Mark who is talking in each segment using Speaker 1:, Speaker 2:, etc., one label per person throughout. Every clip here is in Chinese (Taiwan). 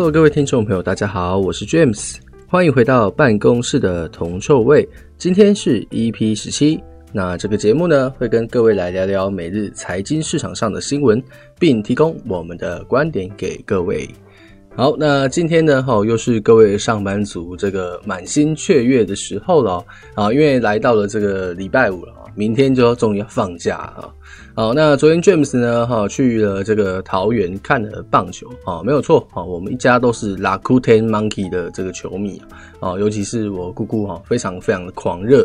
Speaker 1: Hello，各位聽眾朋友，大家好，我是 James，歡迎回到辦公室的銅臭味。今天是 EP 十七，那這個節目呢，會跟各位來聊聊每日財經市場上的新聞，並提供我們的觀點給各位。好，那今天呢，哈，又是各位上班族這個滿心雀躍的時候了啊、哦，因為來到了這個禮拜五了。明天就要終於要放假了。好，那昨天 James 呢？哈，去了這個桃園看了棒球啊，沒有錯哈，我們一家都是 Rakuten Monkey 的這個球迷啊，尤其是我姑姑哈，非常非常的狂熱。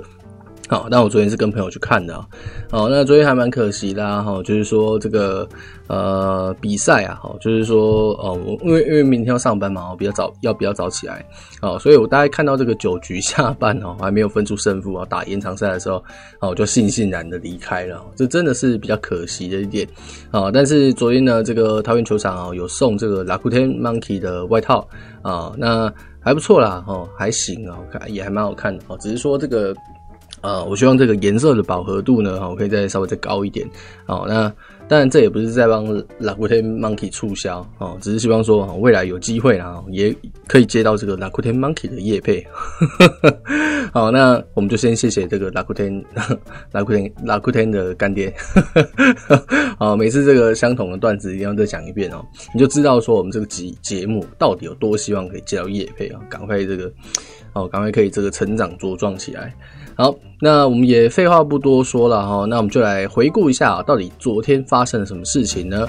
Speaker 1: 好，那我昨天是跟朋友去看的啊。好，那昨天還蠻可惜的哈、啊，就是說這個呃比賽啊，好，就是說哦，因為因為明天要上班嘛，我比較早要比較早起來，哦，所以我大概看到這個九局下半哦，還沒有分出勝負啊，打延長賽的時候，哦，我就悻悻然的離開了，這真的是比較可惜的一點啊。但是昨天呢，這個桃園球場啊，有送這個 Rakuten Monkeys 的外套啊，那還不錯啦，哦，還行啊，我看也還蠻好看的哦，只是說這個。呃，我希望這個顏色的飽和度呢，哈、喔，我可以再稍微再高一點。好、喔，那當然這也不是在幫 Rakuten Monkeys 促銷哦、喔，只是希望說，哈、喔，未來有機會啦、喔，也可以接到這個 Rakuten Monkeys 的業配。 好，那我們就先謝謝這個 Rakuten Rakuten Monkeys 的乾爹。 好，每次這個相同的段子一定要再講一遍哦、喔，你就知道說我們這個集節目到底有多希望可以接到業配啊，趕、喔、快這個，哦、喔，趕快可以這個成長茁壯起來。好，那我們也廢話不多說了哈，那我們就來回顧一下，到底昨天發生了什麼事情呢？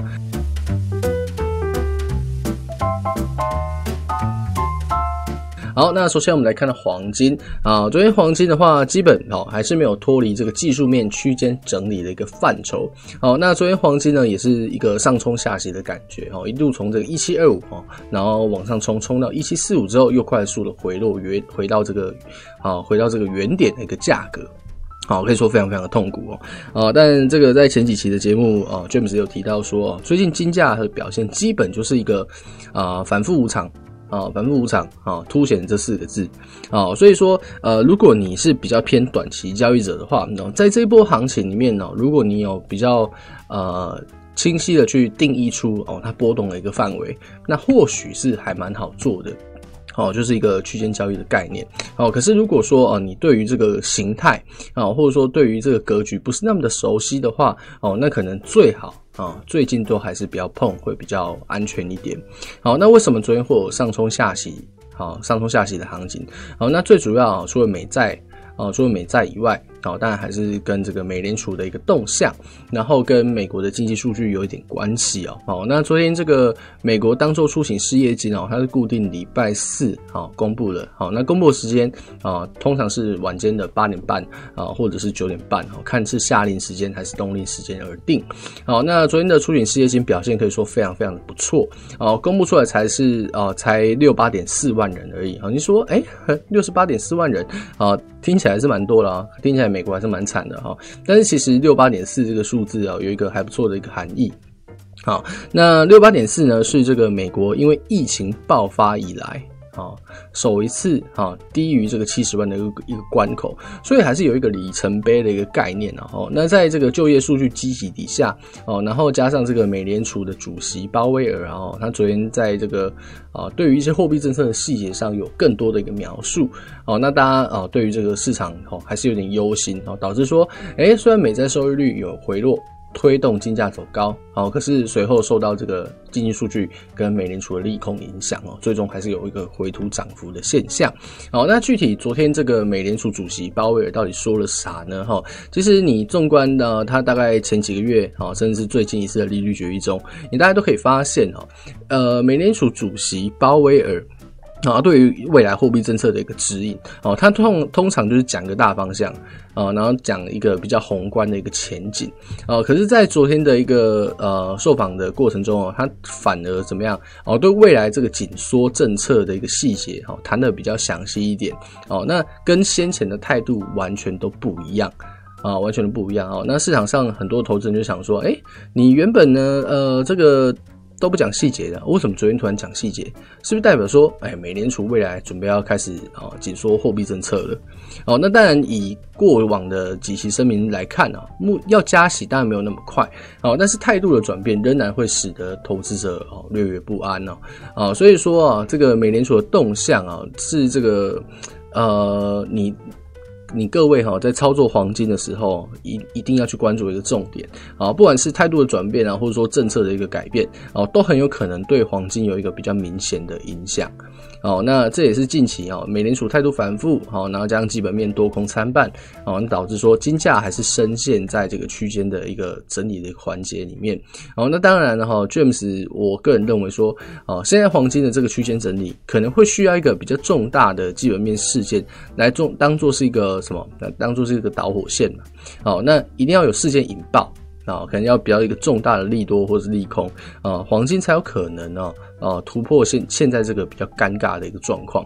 Speaker 1: 好，那首先我們來看到黃金啊，昨天黃金的話，基本哦還是沒有脫離這個技術面區間整理的一個範疇。好、哦，那昨天黃金呢，也是一個上衝下洗的感覺、哦、一度從這個一七二五然後往上衝，衝到一七四五之後，又快速的回落，回回到這個啊、哦，回到這個原點的一個價格。好，可以說非常非常的痛苦哦。啊、哦，但這個在前幾期的節目啊、哦、，James 有提到說，最近金價的表現基本就是一個啊反、呃、覆無常。啊、哦，反覆無常啊、哦，凸顯這四個字啊、哦，所以說，呃，如果你是比較偏短期交易者的話，喏，在這一波行情裡面呢、哦，如果你有比較呃清晰的去定義出哦它波動的一個範圍，那或許是還蠻好做的。哦，就是一個區間交易的概念。哦，可是如果說哦，你對於這個形態啊、哦，或者說對於這個格局不是那麼的熟悉的話，哦，那可能最好啊、哦，最近都還是不要碰，會比較安全一點。好、哦，那為什麼昨天會有上衝下洗？好、哦，上衝下洗的行情。好、哦，那最主要啊，除了美債啊、哦，除了美債以外。好，當然還是跟這個美聯儲的一個動向，然後跟美國的經濟數據有一點關係哦。好，那昨天這個美國當周初請失業金哦，它是固定禮拜四啊公布的。好，那公布的時間啊，通常是晚間的八點半啊，或者是九點半，看是夏令時間還是冬令時間而定。好，那昨天的初請失業金表現可以說非常非常的不錯。好，公布出來才是啊才六八點四萬人而已。好，你說哎，六十八點四萬人啊，聽起來是蠻多啦，啊，聽起來。美國還是蠻慘的哈，但是其實六八點四這個數字啊，有一個還不錯的一個含義。好，那六八點四呢，是這個美國因為疫情爆發以來，啊，首一次啊，低於這個七十萬的一個一個關口，所以還是有一個里程碑的一個概念啊。哦，那在這個就業數據積極底下哦，然後加上這個美聯儲的主席鮑威爾，然後他昨天在這個啊，對於一些貨幣政策的細節上有更多的一個描述。哦，那大家啊，對於這個市場哦，還是有點憂心哦，導致說，哎、欸，雖然美債收益率有回落。推動金價走高，好，可是隨後受到這個經濟數據跟美聯儲的利空影響哦，最終還是有一個回吐漲幅的現象。好，那具體昨天這個美聯儲主席鮑威爾到底說了啥呢？哈，其實你縱觀呢，他大概前幾個月，甚至是最近一次的利率決議中，你大家都可以發現，呃，美聯儲主席鮑威爾。啊，對於未來貨幣政策的一個指引哦，他通通常就是講一個大方向啊、哦，然後講一個比較宏觀的一個前景啊、哦。可是，在昨天的一個呃受訪的過程中哦，他反而怎麼樣哦？對未來這個緊縮政策的一個細節哦，談得比較詳細一點哦。那跟先前的態度完全都不一樣啊、哦，完全都不一樣哦，那市場上很多投資人就想說，哎，你原本呢，呃，這個。都不講細節的，為什麼昨天突然講細節？是不是代表說，哎，美聯儲未來準備要開始啊，緊縮貨幣政策了？哦，那當然以過往的幾期聲明來看啊，啊要加息當然沒有那麼快，哦，但是態度的轉變仍然會使得投資者哦略略不安呢、哦，啊、哦，所以說啊，這個美聯儲的動向啊，是這個呃，你。你各位哈，在操作黃金的時候，一一定要去關注一個重點啊，不管是態度的轉變啊，或者說政策的一個改變啊，都很有可能對黃金有一個比較明顯的影響。哦，那這也是近期啊、哦，美聯儲態度反覆，好、哦，然後將基本面多空參半，好、哦，導致說金價還是深陷在這個區間的一個整理的環節裡面。好、哦，那當然了哈、哦，James，我個人認為說，哦，現在黃金的這個區間整理可能會需要一個比較重大的基本面事件來做，當做是一個什麼？來當做是一個導火線嘛。好、哦，那一定要有事件引爆。啊，可能、哦、要比較一個重大的利多或者是利空啊、呃，黃金才有可能呢、哦，啊、呃、突破現現在這個比較尷尬的一個狀況。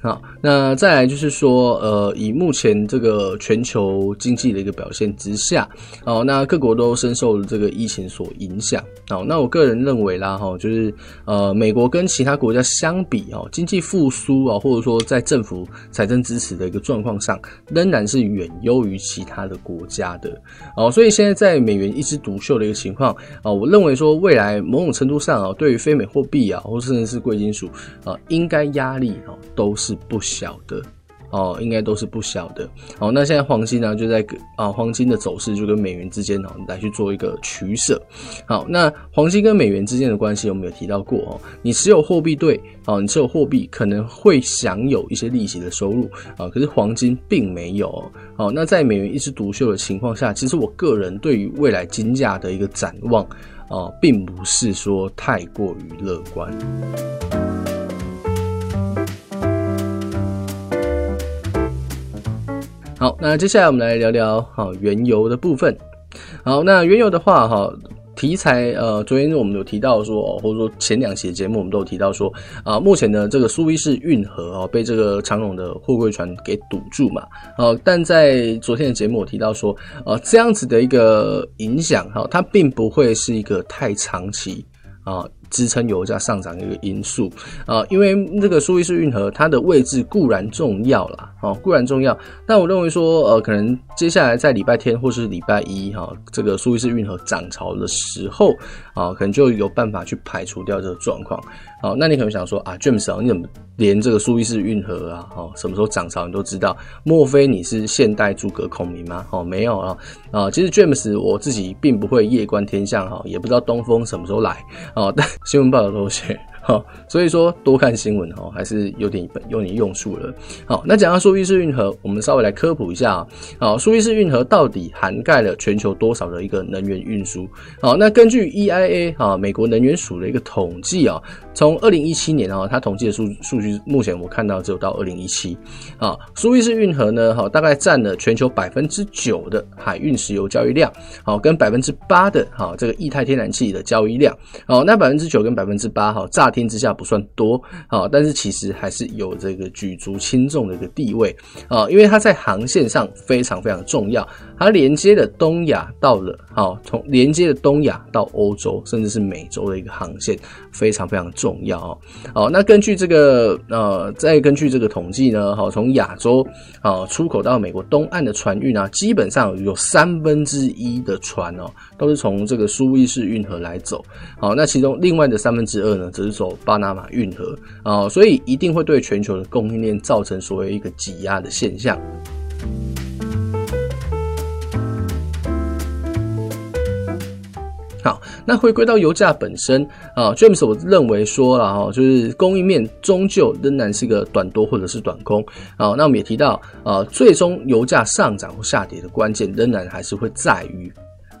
Speaker 1: 好，那再來就是說，呃，以目前這個全球經濟的一個表現之下，哦，那各國都深受了這個疫情所影響。哦，那我個人認為啦，哈、哦，就是呃，美國跟其他國家相比，哦，經濟復甦啊，或者說在政府財政支持的一個狀況上，仍然是遠優於其他的國家的。哦，所以現在在美元一枝獨秀的一個情況，啊、哦，我認為說未來某種程度上啊、哦，對於非美貨幣啊，或甚至是貴金屬啊、哦，應該壓力啊、哦、都是。是不小的哦，應該都是不小的。好，那現在黃金呢、啊，就在啊，黃金的走勢就跟美元之間哦，來去做一個取捨。好，那黃金跟美元之間的關係，我們有提到過哦。你持有貨幣對哦，你持有貨幣可能會享有一些利息的收入啊，可是黃金並沒有。好，那在美元一枝獨秀的情況下，其實我個人對於未來金價的一個展望啊，並不是說太過於樂觀。好，那接下來我們來聊聊哈原油的部分。好，那原油的話哈，題材呃，昨天我們有提到說，或者說前兩期的節目我們都有提到說啊、呃，目前的這個蘇伊士運河哦、呃、被這個長龍的貨櫃船給堵住嘛。哦、呃，但在昨天的節目我提到說，呃，這樣子的一個影響哈、呃，它並不會是一個太長期啊。呃支撐油價上漲的一個因素啊，因為這個蘇伊士運河它的位置固然重要啦。啊，固然重要，那我認為說呃，可能接下來在禮拜天或是禮拜一哈、啊，這個蘇伊士運河漲潮，潮的時候啊，可能就有辦法去排除掉這個狀況。好、啊，那你可能想說啊，James，你怎麼？連這個蘇伊士運河啊，哦，什麼時候漲潮你都知道？莫非你是現代諸葛孔明嗎？哦，沒有了啊。其實 James 我自己並不會夜觀天象哈，也不知道東風什麼時候來哦。但新聞報道都寫哈，所以說多看新聞哈，還是有點用點用處了。好，那講到蘇伊士運河，我們稍微來科普一下啊。好，蘇伊士運河到底涵蓋了全球多少的一個能源運輸？好，那根據 EIA 啊，美國能源署的一個統計啊。從二零一七年啊、哦，它統計的數數據，目前我看到只有到二零一七，啊，蘇伊士運河呢，哈，大概佔了全球百分之九的海運石油交易量，好、啊，跟百分之八的哈、啊、這個液態天然氣的交易量，好、啊，那百分之九跟百分之八，哈、啊，乍聽之下不算多，好、啊，但是其實還是有這個舉足輕重的一個地位，啊，因為它在航線上非常非常重要，它連接了東亞到了，好、啊，從連接了東亞到歐洲，甚至是美洲的一個航線。非常非常重要哦，好，那根據這個呃，再根據這個統計呢，好，從亞洲啊出口到美國東岸的船運啊，基本上有三分之一的船哦，都是從這個蘇伊士運河來走，好，那其中另外的三分之二呢，則是走巴拿馬運河啊，所以一定會對全球的供應鏈造成所謂一個擠壓的現象。好，那回歸到油價本身啊，James，我認為說了哈，就是供應面終究仍然是一個短多或者是短空啊。那我們也提到，啊，最終油價上漲或下跌的關鍵，仍然還是會在於。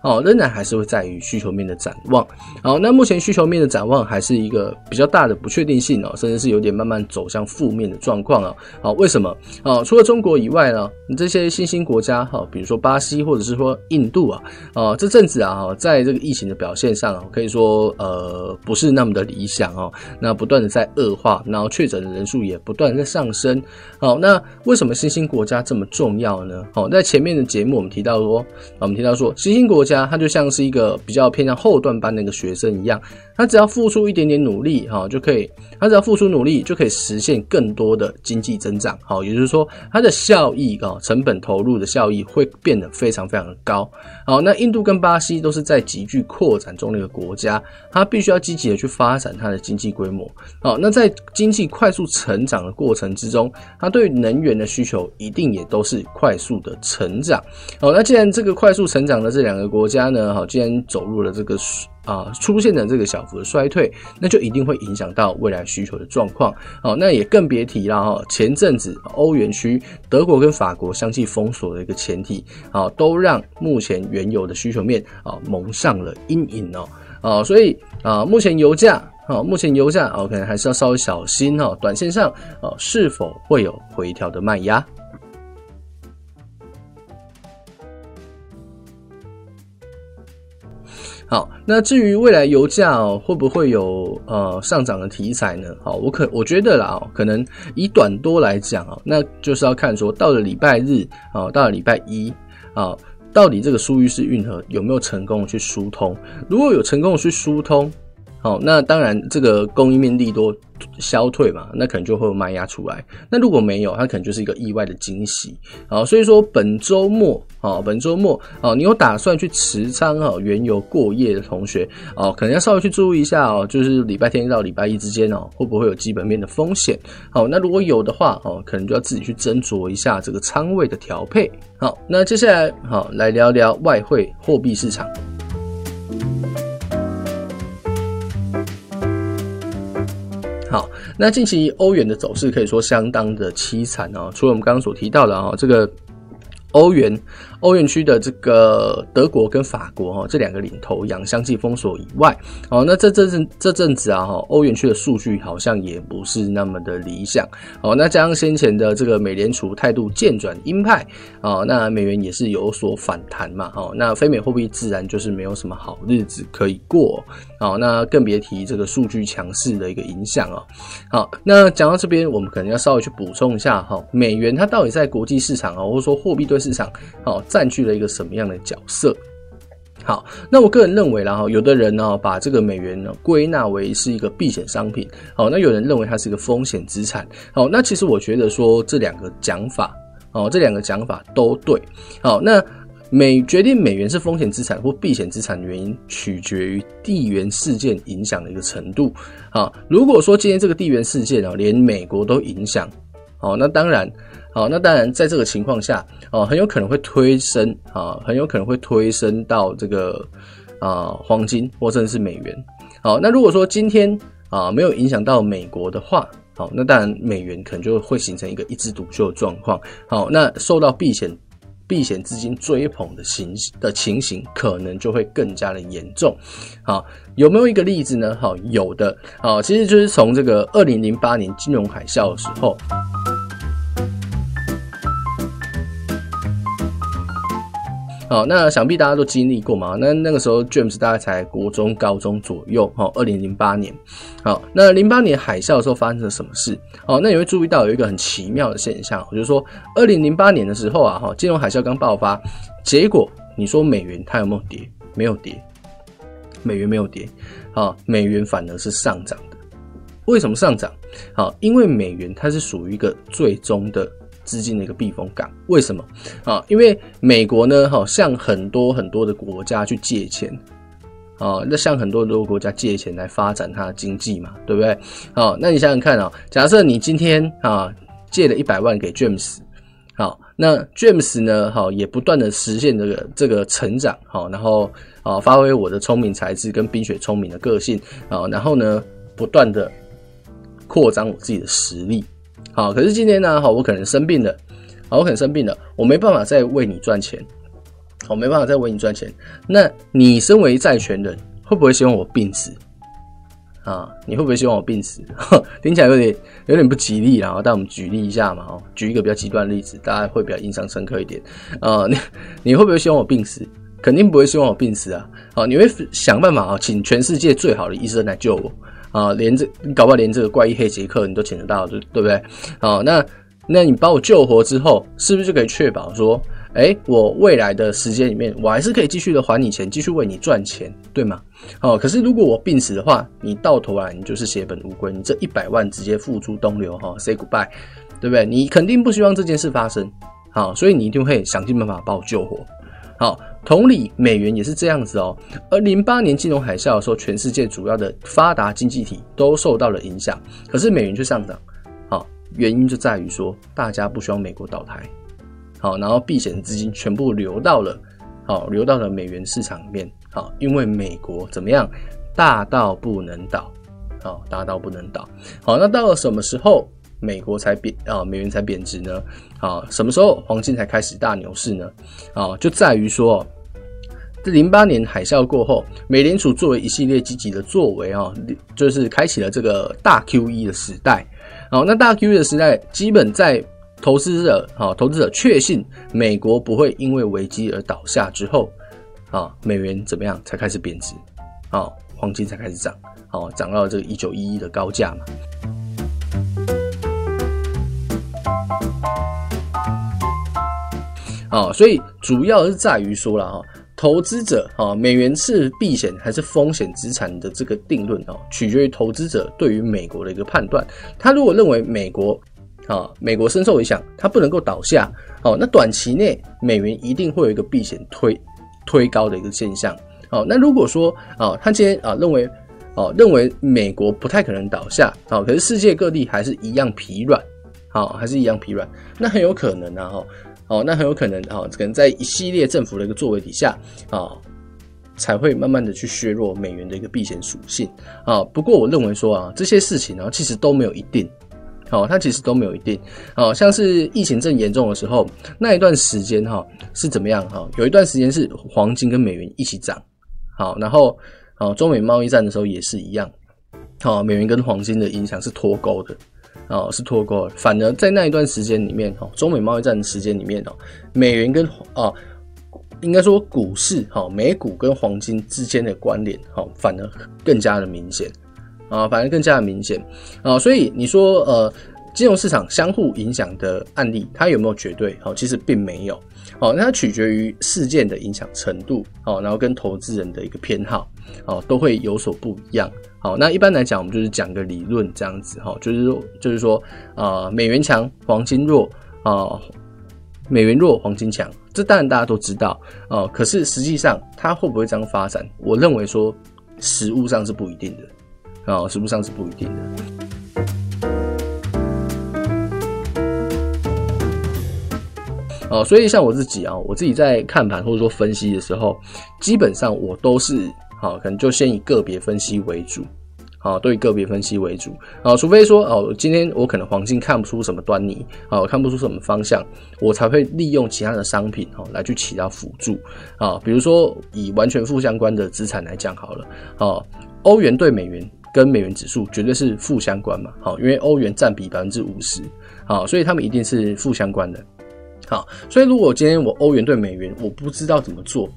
Speaker 1: 哦，仍然還是會在於需求面的展望。好，那目前需求面的展望還是一個比較大的不確定性哦，甚至是有點慢慢走向負面的狀況哦。好，為什麼？哦，除了中國以外呢，這些新興國家哈，比如說巴西或者是說印度啊，啊、哦，這陣子啊，在這個疫情的表現上，可以說呃，不是那麼的理想哦。那不斷的在惡化，然後確診的人數也不斷在上升。好，那為什麼新興國家這麼重要呢？好，在前面的節目我們提到說，我們提到說新興國家。家，他就像是一個比較偏向後段班的一個學生一樣，他只要付出一點點努力，哈，就可以；他只要付出努力，就可以實現更多的經濟增長，好，也就是說，它的效益啊、喔，成本投入的效益會變得非常非常的高。好，那印度跟巴西都是在急劇擴展中的一個國家，他必須要積極的去發展他的經濟規模。好，那在經濟快速成長的過程之中，他對能源的需求一定也都是快速的成長。好，那既然這個快速成長的這兩個國，國家呢，哈，既然走入了這個啊、呃，出現的這個小幅的衰退，那就一定會影響到未來需求的狀況。好、哦，那也更別提了哈，前陣子歐元區德國跟法國相繼封鎖的一個前提，啊，都讓目前原油的需求面啊蒙上了陰影哦。啊，所以啊、呃，目前油價，啊，目前油價，啊，可能還是要稍微小心哦。短線上，啊，是否會有回調的賣壓？好，那至於未來油價哦、喔，會不會有呃上漲的題材呢？好，我可我覺得啦、喔，哦，可能以短多來講啊、喔，那就是要看說到了禮拜日啊，到了禮拜、喔、拜一啊、喔，到底這個蘇伊士運河有沒有成功的去疏通？如果有成功的去疏通。好，那當然，這個供應面利多消退嘛，那可能就會有賣壓出來。那如果沒有，它可能就是一個意外的驚喜。好，所以說本周末，好、哦，本周末、哦，你有打算去持倉、哦、原油過夜的同學，哦，可能要稍微去注意一下哦，就是禮拜天到禮拜一之間哦，會不會有基本面的風險？好，那如果有的話，哦，可能就要自己去斟酌一下這個倉位的調配。好，那接下來，好、哦，來聊聊外匯貨幣市場。好，那近期歐元的走勢可以說相當的淒慘哦。除了我們剛剛所提到的啊、哦，這個歐元、歐元區的這個德國跟法國哦，這兩個領頭羊相繼封鎖以外，哦，那這陣子這陣子啊哈，歐元區的數據好像也不是那麼的理想哦。那加上先前的這個美聯儲態度漸轉鷹派哦，那美元也是有所反彈嘛。哦，那非美貨幣自然就是沒有什麼好日子可以過、哦。好，那更別提這個數據強勢的一個影響啊。好，那講到這邊，我們可能要稍微去補充一下哈、喔，美元它到底在國際市場啊、喔，或者說貨幣對市場，好，佔據了一個什麼樣的角色？好，那我個人認為啦哈、喔，有的人呢、喔、把這個美元呢歸納為是一個避險商品，好，那有人認為它是一個風險資產，好，那其實我覺得說這兩個講法，哦，這兩個講法都對，好，那。美決定美元是風險資產或避險資產的原因，取決於地緣事件影響的一個程度。好，如果說今天這個地緣事件呢、啊，連美國都影響，哦，那當然，好，那當然在這個情況下，哦、啊，很有可能會推升，啊，很有可能會推升到這個啊黃金，或甚至是美元。好，那如果說今天啊沒有影響到美國的話，好，那當然美元可能就會形成一個一枝獨秀的狀況。好，那受到避險。避險資金追捧的情形，的情形，可能就會更加的嚴重。好，有沒有一個例子呢？好，有的。好，其實就是從這個二零零八年金融海嘯的時候。好，那想必大家都經歷過嘛。那那個時候 James 大概才國中、高中左右，哈，二零零八年。好，那零八年海嘯的時候發生了什麼事？哦，那你會注意到有一個很奇妙的現象，就是說，二零零八年的時候啊，哈，金融海嘯剛爆發，結果你說美元它有沒有跌？沒有跌，美元沒有跌，啊，美元反而是上漲的。為什麼上漲？好，因為美元它是屬於一個最終的。資金的一個避風港，為什麼啊？因為美國呢，好，向很多很多的國家去借錢，啊，那向很多很多國家借錢來發展它的經濟嘛，對不對？好、啊，那你想想看啊，假設你今天啊借了一百萬給 James，好、啊，那 James 呢，好、啊、也不斷的實現這個這個成長，好、啊，然後啊發揮我的聰明才智跟冰雪聰明的個性，啊，然後呢不斷的擴張我自己的實力。好，可是今天呢、啊？好，我可能生病了，好，我可能生病了，我沒辦法再為你賺錢，我沒辦法再為你賺錢。那你身為債權人，會不會希望我病死啊？你會不會希望我病死？哈，聽起來有點有點不吉利啦。但我們舉例一下嘛，哦，舉一個比較極端的例子，大家會比較印象深刻一點。啊，你你會不會希望我病死？肯定不會希望我病死啊。好，你會想辦法啊，請全世界最好的醫生來救我。啊，連這你搞不好連這個怪醫黑傑克，你都請得到了，對對不對？好，那那你把我救活之後，是不是就可以確保說，誒，我未來的時間裡面，我還是可以繼續的還你錢，繼續為你賺錢，對嗎？好，可是如果我病死的話，你到頭來你就是血本無歸，你這一百萬直接付諸東流，哈，say goodbye，對不對？你肯定不希望這件事發生，好，所以你一定會想盡辦法把我救活，好。同理，美元也是這樣子哦。而零八年金融海嘯的時候，全世界主要的發達經濟體都受到了影響，可是美元卻上漲。好，原因就在於說大家不希望美國倒台。好，然後避險資金全部流到了，好，流到了美元市場裡面。好，因為美國怎麼樣，大到不能倒。好，大到不能倒。好，那到了什麼時候？美國才貶啊，美元才貶值呢。啊，什麼時候黃金才開始大牛市呢？啊，就在於說，這零八年海嘯過後，美聯儲作為一系列積極的作為啊，就是開啟了這個大 QE 的時代。好，啊，那大 QE 的時代，基本在投資者啊，投資者確信美國不會因為危機而倒下之後，啊，美元怎麼樣才開始貶值？啊，黃金才開始漲，好，啊，漲到這個一九一一的高價嘛。啊、哦，所以主要是在於說啦投資者、哦、美元是避險還是風險資產的這個定論取決於投資者對於美國的一個判斷。他如果認為美國啊、哦，美國深受影響，他不能夠倒下，哦，那短期內美元一定會有一個避險推推高的一個現象。哦，那如果說啊、哦，他今天啊、哦、認為、哦、認為美國不太可能倒下、哦，可是世界各地還是一樣疲軟，好、哦，還是一樣疲軟，那很有可能啊，哈、哦。哦，那很有可能啊、哦，可能在一系列政府的一個作為底下啊、哦，才會慢慢的去削弱美元的一個避險屬性啊、哦。不過我認為說啊，這些事情啊，其實都沒有一定。哦，它其實都沒有一定。哦，像是疫情正嚴重的時候，那一段時間哈、哦、是怎麼樣哈、哦？有一段時間是黃金跟美元一起漲。好、哦，然後好、哦，中美貿易戰的時候也是一樣。好、哦，美元跟黃金的影響是脫鈎的。哦，是脫鉤了。反而在那一段時間裡面，哈，中美貿易戰的時間裡面哦，美元跟啊、哦，應該說股市，哈、哦，美股跟黃金之間的關聯，哈、哦，反而更加的明顯，啊、哦，反而更加的明顯，啊、哦，所以你說呃，金融市場相互影響的案例，它有沒有絕對？哦，其實並沒有。哦，那它取決於事件的影響程度，哦，然後跟投資人的一個偏好，哦，都會有所不一樣。好、哦，那一般來講，我們就是講個理論這樣子，哈、哦，就是，就是說，就是說，啊，美元強，黃金弱，啊、呃，美元弱，黃金強，這當然大家都知道，哦，可是實際上它會不會這樣發展？我認為說實物上是不一定的，哦，實物上是不一定的，啊，實物上是不一定的。啊，所以像我自己啊，我自己在看盤或者說分析的時候，基本上我都是好，可能就先以個別分析為主，啊，對個別分析為主啊，除非說哦，今天我可能黃金看不出什麼端倪啊，看不出什麼方向，我才會利用其他的商品哦來去起到輔助啊，比如說以完全負相關的資產來講好了，啊，歐元兌美元跟美元指數絕對是負相關嘛，好，因為歐元占比百分之五十，好，所以他們一定是負相關的。好，所以如果今天我歐元兌美元我不知道怎麼做，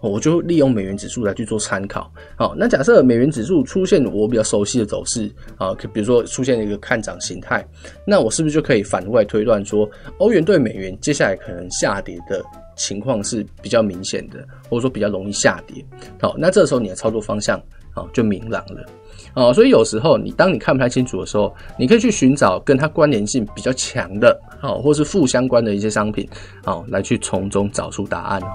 Speaker 1: 我就利用美元指數來去做參考。好，那假設美元指數出現我比較熟悉的走勢啊，比如說出現一個看漲形態，那我是不是就可以反過來推斷說，歐元兌美元接下來可能下跌的情況是比較明顯的，或者說比較容易下跌？好，那這時候你的操作方向啊就明朗了。哦，所以有時候你當你看不太清楚的時候，你可以去尋找跟它關聯性比較強的，哦，或是負相關的一些商品，哦，來去從中找出答案哦。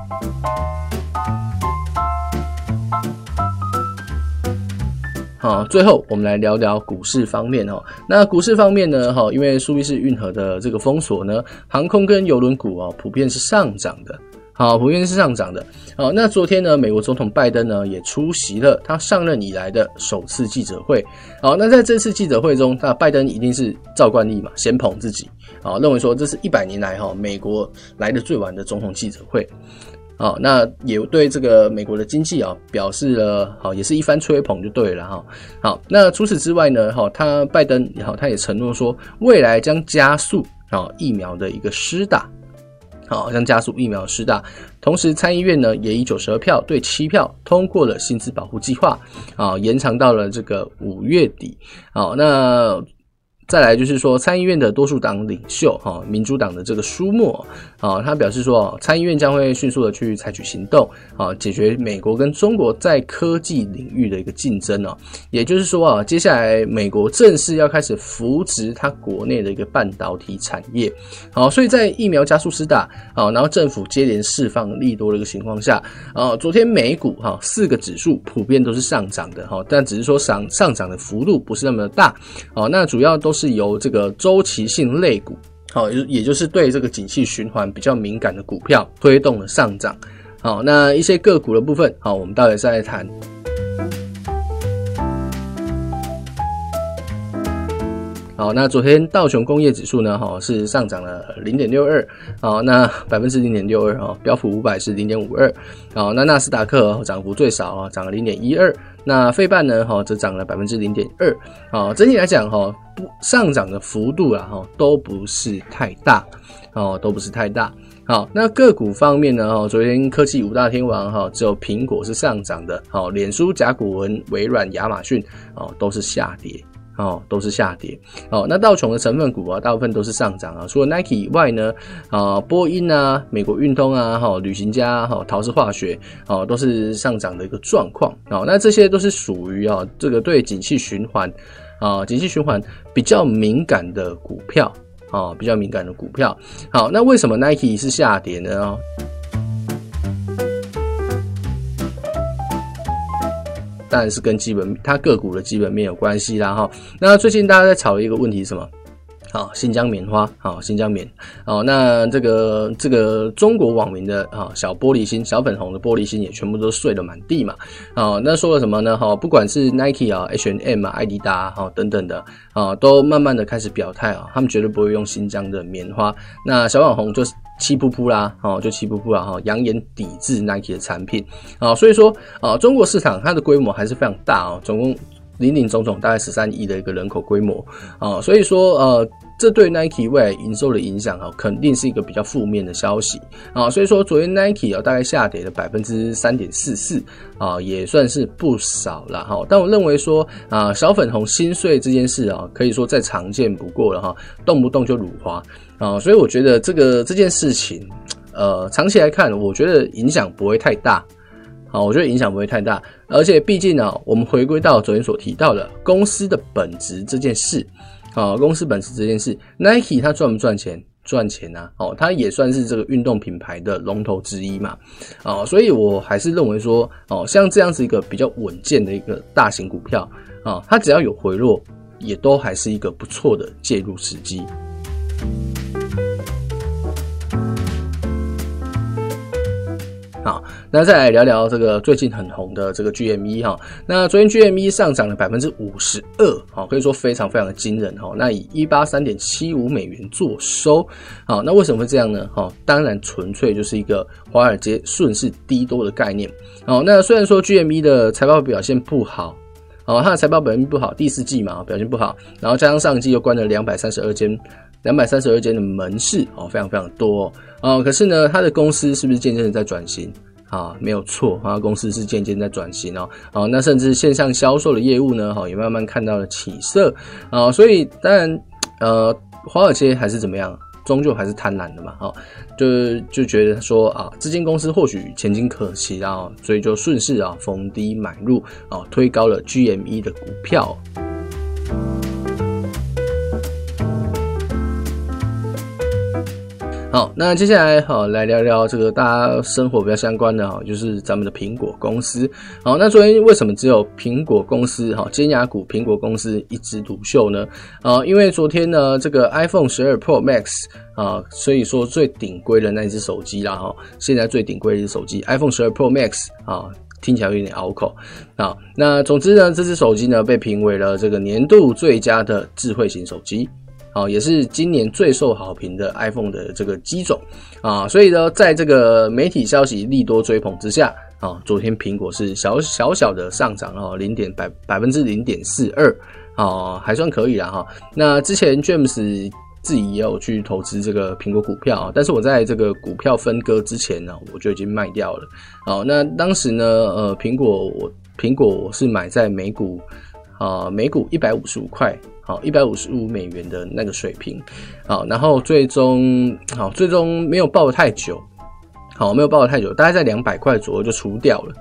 Speaker 1: 好，最後我們來聊聊股市方面哦。那股市方面呢，哈、哦，因為蘇伊士運河的這個封鎖呢，航空跟郵輪股啊、哦，普遍是上漲的。好，普遍是上漲的。好，那昨天呢，美國總統拜登呢也出席了他上任以來的首次記者會。好，那在這次記者會中，那拜登一定是照慣例嘛，先捧自己。啊，認為說這是一百年來哈美國來的最晚的總統記者會。好，那也對這個美國的經濟啊表示了，好也是一番吹捧就對了哈。好，那除此之外呢，哈他拜登哈，他也承諾說未來將加速啊疫苗的一個施打。好，將加速疫苗施打。同時，參議院呢也以九十二票對七票通過了薪資保護計劃，啊，延長到了這個五月底。好，那。再來就是說，參議院的多數黨領袖哈，民主黨的這個舒默啊，他表示說，參議院將會迅速的去採取行動啊，解決美國跟中國在科技領域的一個競爭哦。也就是說啊，接下來美國正式要開始扶植它國內的一個半導體產業。好，所以在疫苗加速施打啊，然後政府接連釋放利多的一個情況下啊，昨天美股哈，四個指數普遍都是上漲的哈，但只是說上上漲的幅度不是那麼的大哦。那主要都。是由這個周期性類股，好，也就是對這個景氣循環比較敏感的股票推動了上漲。好，那一些個股的部分，好，我們待會再來談。好，那昨天道瓊工業指數呢？哈、喔，是上漲了零點六二，好，那百分之零點六二，哈，標普五百是零點五二，好，那納斯達克漲、喔、幅最少啊，漲、喔、了零點一二，那費半呢？哈、喔，則漲了百分之零點二，好，整體來講哈、喔，不上漲的幅度啊，哈，都不是太大，哦、喔，都不是太大，好，那個股方面呢？哈、喔，昨天科技五大天王哈、喔，只有蘋果是上漲的，好、喔，臉書、甲骨文、微軟、亞馬遜哦、喔，都是下跌。哦，都是下跌。哦，那道瓊的成分股啊，大部分都是上漲啊，除了 Nike 以外呢，啊，波音啊，美國運通啊，哈，旅行家哈、啊，陶氏化學，哦、啊，都是上漲的一個狀況。哦，那這些都是屬於啊，這個對景氣循環啊，景氣循環比較敏感的股票啊，比較敏感的股票。好，那為什麼 Nike 是下跌呢？當然是跟基本它個股的基本面有關係啦哈。那最近大家在炒的一個問題是什麼？好，新疆棉花，好，新疆棉，好，那這個這個中國網民的啊小玻璃心、小粉紅的玻璃心也全部都碎了滿地嘛。好，那說了什麼呢？哈，不管是 Nike 啊、H&M 啊、艾迪達啊、哈等等的啊，都慢慢的開始表態啊，他們絕對不會用新疆的棉花。那小網紅就是。氣噗噗啦，哈、哦，就氣噗噗啦，哈、哦，揚言抵制 Nike 的產品，啊、哦，所以說，啊、哦，中國市場它的規模還是非常大啊、哦，總共林林總總大概十三億的一個人口規模，啊、哦，所以說，呃，這對 Nike 未來營收的影響，哈、哦，肯定是一個比較負面的消息，啊、哦，所以說，昨天 Nike，哦，大概下跌了百分之三點四四，啊、哦，也算是不少了，哈、哦，但我認為說，啊，小粉紅心碎這件事啊、哦，可以說再常見不過了，哈、哦，動不動就辱華。啊、哦，所以我覺得這個這件事情，呃，長期來看，我覺得影響不會太大。好、哦，我覺得影響不會太大，而且畢竟呢、啊，我們回歸到昨天所提到的公司的本質這件事。呃、哦，公司本質這件事，Nike 它賺不賺錢？賺錢啊，哦，它也算是這個運動品牌的龍頭之一嘛。哦，所以我還是認為說，哦，像這樣子一個比較穩健的一個大型股票，啊、哦，它只要有回落，也都還是一個不錯的介入時機。好，那再來聊聊這個最近很紅的這個 GME 哈，那昨天 GME 上漲了百分之五十二，哈，可以說非常非常的驚人哦。那以一八三點七五美元作收，好，那為什麼會這樣呢？哈，當然純粹就是一個華爾街順勢低多的概念。好，那雖然說 GME 的財報表現不好，好，它的財報表現不好，第四季嘛表現不好，然後加上上季又關了兩百三十二間。兩百三十二間的門市哦，非常非常多哦。哦可是呢，他的公司是不是漸漸的在轉型啊、哦？沒有錯，他公司是漸漸在轉型哦，哦。那甚至線上銷售的業務呢，哦、也慢慢看到了起色啊、哦。所以當然，呃，華爾街還是怎麼樣，終究還是貪婪的嘛。哦、就就覺得說啊，這間公司或許前景可期啊，所以就順勢啊逢低買入啊，推高了 GME 的股票。好，那接下來好來聊聊這個大家生活比較相關的哈，就是咱們的蘋果公司。好，那昨天為什麼只有蘋果公司哈，尖牙股蘋果公司一枝獨秀呢？啊，因為昨天呢，這個 iPhone 12 Pro Max 啊，所以說最頂規的那只手機啦哈，現在最頂規一支手機 iPhone 12 Pro Max 啊，聽起來有點拗口啊。那總之呢，這只手機呢，被評為了這個年度最佳的智慧型手機。哦，也是今年最受好評的 iPhone 的這個機種啊，所以呢，在這個媒體消息利多追捧之下啊，昨天蘋果是小小小的上漲了零點百百分之零點四二啊，還算可以了哈、啊。那之前 James 自己也有去投資這個蘋果股票、啊，但是我在這個股票分割之前呢、啊，我就已經賣掉了。好、啊，那當時呢，呃，蘋果我蘋果我是買在美股。啊，每股一百五十五塊，好，一百五十五美元的那個水平，好，然後最終，好，最終沒有抱太久，好，沒有抱太久，大概在兩百塊左右就出掉了。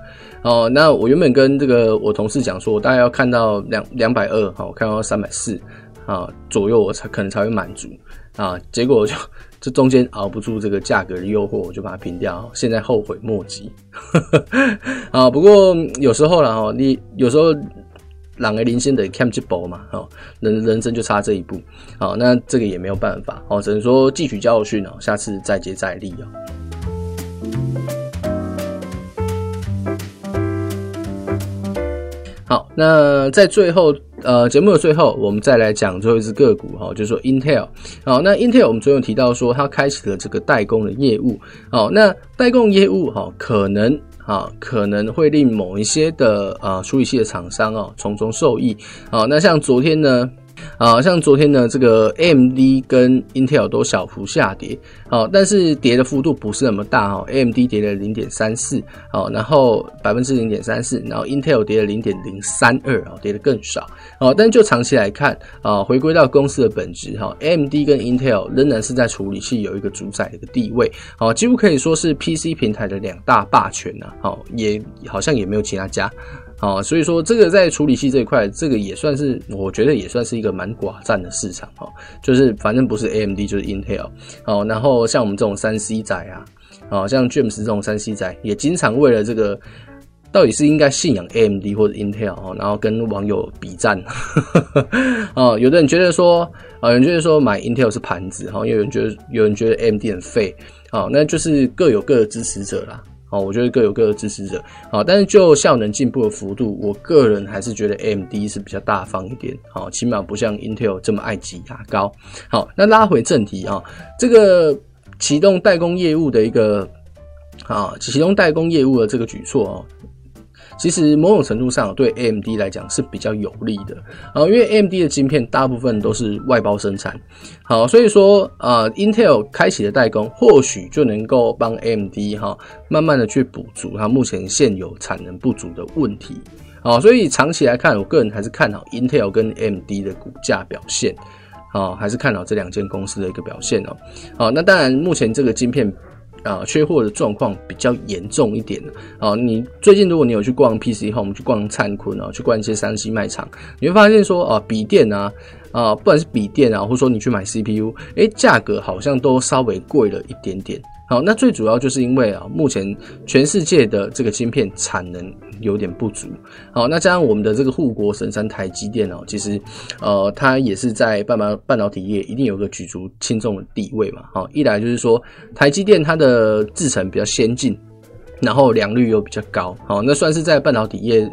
Speaker 1: 哦，那我原本跟這個我同事講說，我大概要看到兩兩百二，我看到三百四，啊，左右我才可能才會滿足啊。結果就這中間熬不住這個價格的誘惑，我就把它平掉，現在後悔莫及。啊， 不過有時候啦哈，你有時候。朗 m 領先 Campable 嘛？好，人人生就差這一步。好，那這個也沒有辦法。好，只能說汲取教訓哦，下次再接再厲哦。好，那在最後，呃，節目的最後，我們再來講最後一支個股哈，就是說 Intel。好，那 Intel 我們昨天提到說，它開啟了這個代工的業務。好，那代工業務哈，可能。啊、哦，可能會令某一些的啊、呃、處理器的廠商哦從中受益。啊、哦，那像昨天呢？啊，像昨天呢，這個 AMD 跟 Intel 都小幅下跌，好，但是跌的幅度不是那麼大哈。AMD 跌了零點三四，好，然後百分之零點三四，然後 Intel 跌了零點零三二，跌得更少，但就長期來看，啊，回歸到公司的本質哈，AMD 跟 Intel 仍然是在處理器有一個主宰的地位，好，幾乎可以說是 PC 平台的兩大霸權吶，好，也好像也沒有其他家。啊、哦，所以說這個在處理器這一塊，這個也算是我覺得也算是一個蠻寡占的市場啊、哦，就是反正不是 AMD 就是 Intel 好、哦，然後像我們這種三 C 仔啊，啊、哦，像 James 這種三 C 仔也經常為了這個到底是應該信仰 AMD 或者 Intel 哈、哦，然後跟網友比讚，啊、 哦，有的人覺得說啊、哦，有人覺得說買 Intel 是盤子哈、哦，因為有人覺得有人覺得 AMD 很廢，好、哦，那就是各有各的支持者啦。好，我覺得各有各的支持者。好，但是就效能進步的幅度，我個人還是覺得 AMD 是比較大方一點。好，起碼不像 Intel 這麼愛擠牙膏。好，那拉回正題啊、哦，這個啟動代工業務的一個啊，啟動代工業務的這個舉措啊。其實某種程度上對 AMD 來講是比較有利的，啊、哦，因為 AMD 的晶片大部分都是外包生產，好、哦，所以說啊、呃，Intel 開啟的代工或許就能夠幫 AMD 哈、哦、慢慢的去補足它目前現有產能不足的問題，好、哦，所以長期來看，我個人還是看好 Intel 跟 AMD 的股價表現，啊、哦，還是看好這兩間公司的一個表現哦，好、哦，那當然目前這個晶片。啊，缺貨的狀況比較嚴重一點的、啊啊。你最近如果你有去逛 PC Home，我們去逛燦坤啊，去逛一些3 C 賣場，你會發現說，啊，筆電啊，啊，不管是筆電啊，或者說你去買 CPU，誒、欸，價格好像都稍微貴了一點點。好，那最主要就是因為啊，目前全世界的這個芯片產能有點不足。好，那加上我們的這個護國神山台積電哦、啊，其實，呃，它也是在半半半導體業一定有個舉足輕重的地位嘛。好，一來就是說台積電它的製程比較先進，然後良率又比較高。好，那算是在半導體業，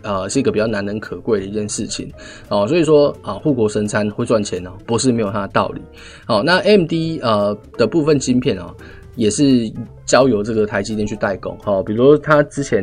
Speaker 1: 呃，是一個比較難能可貴的一件事情。哦，所以說啊，護國神山會賺錢呢、啊，不是沒有它的道理。好，那 AMD 呃的部分芯片哦、啊。也是交由這個台積電去代工，哈、哦，比如它之前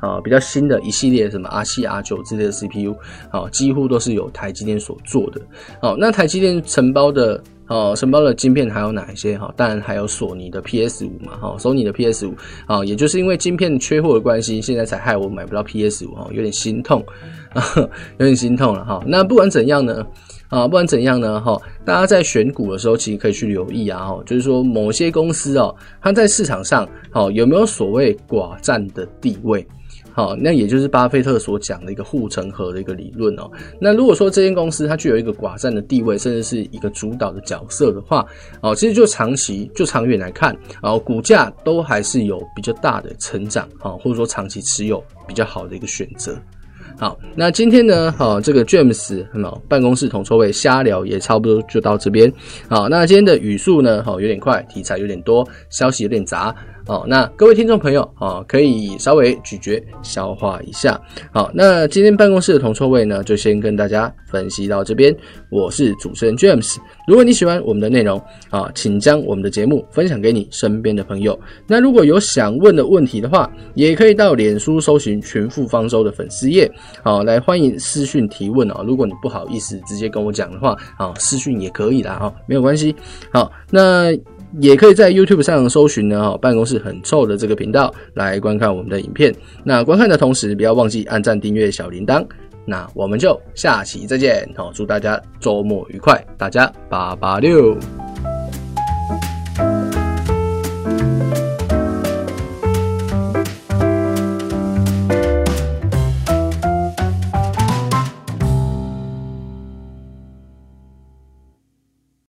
Speaker 1: 啊、哦、比較新的一系列什麼 R 七、R 九之類的 CPU，好、哦，幾乎都是由台積電所做的。哦，那台積電承包的，哦，承包的晶片還有哪一些？哈、哦，當然還有索尼的 PS 五嘛，哈、哦，索尼的 PS 五，啊，也就是因為晶片缺貨的關係，現在才害我買不到 PS 五，哈，有點心痛呵呵，有點心痛了，哈、哦。那不管怎樣呢？啊、哦，不管怎樣呢，哈，大家在選股的時候，其實可以去留意啊，哈，就是說某些公司哦，它在市場上，好、哦、有沒有所謂寡占的地位？好、哦，那也就是巴菲特所講的一個護城河的一個理論哦。那如果說這間公司它具有一個寡占的地位，甚至是一個主導的角色的話，哦，其實就長期就長遠來看，哦，股價都還是有比較大的成長，啊、哦，或者說長期持有比較好的一個選擇。好，那今天呢，好，這個 James，辦公室同桌位瞎聊也差不多就到這邊。好，那今天的語速呢，好，有點快，題材有點多，消息有點雜。好、哦、那各位聽眾朋友啊、哦，可以稍微咀嚼消化一下。好、哦，那今天辦公室的銅臭味呢，就先跟大家分析到這邊。我是主持人 James。如果你喜歡我們的內容啊、哦，請將我們的節目分享給你身邊的朋友。那如果有想問的問題的話，也可以到臉書搜尋“全副方舟”的粉絲頁，好、哦、來歡迎私訊提問啊、哦。如果你不好意思直接跟我講的話啊、哦，私訊也可以的啊、哦，沒有關係。好、哦，那。也可以在 YouTube 上搜尋呢，哈，辦公室很臭的這個頻道來觀看我們的影片。那觀看的同時，不要忘記按讚、訂閱、小鈴鐺。那我們就下期再見，好，祝大家周末愉快，大家八八六。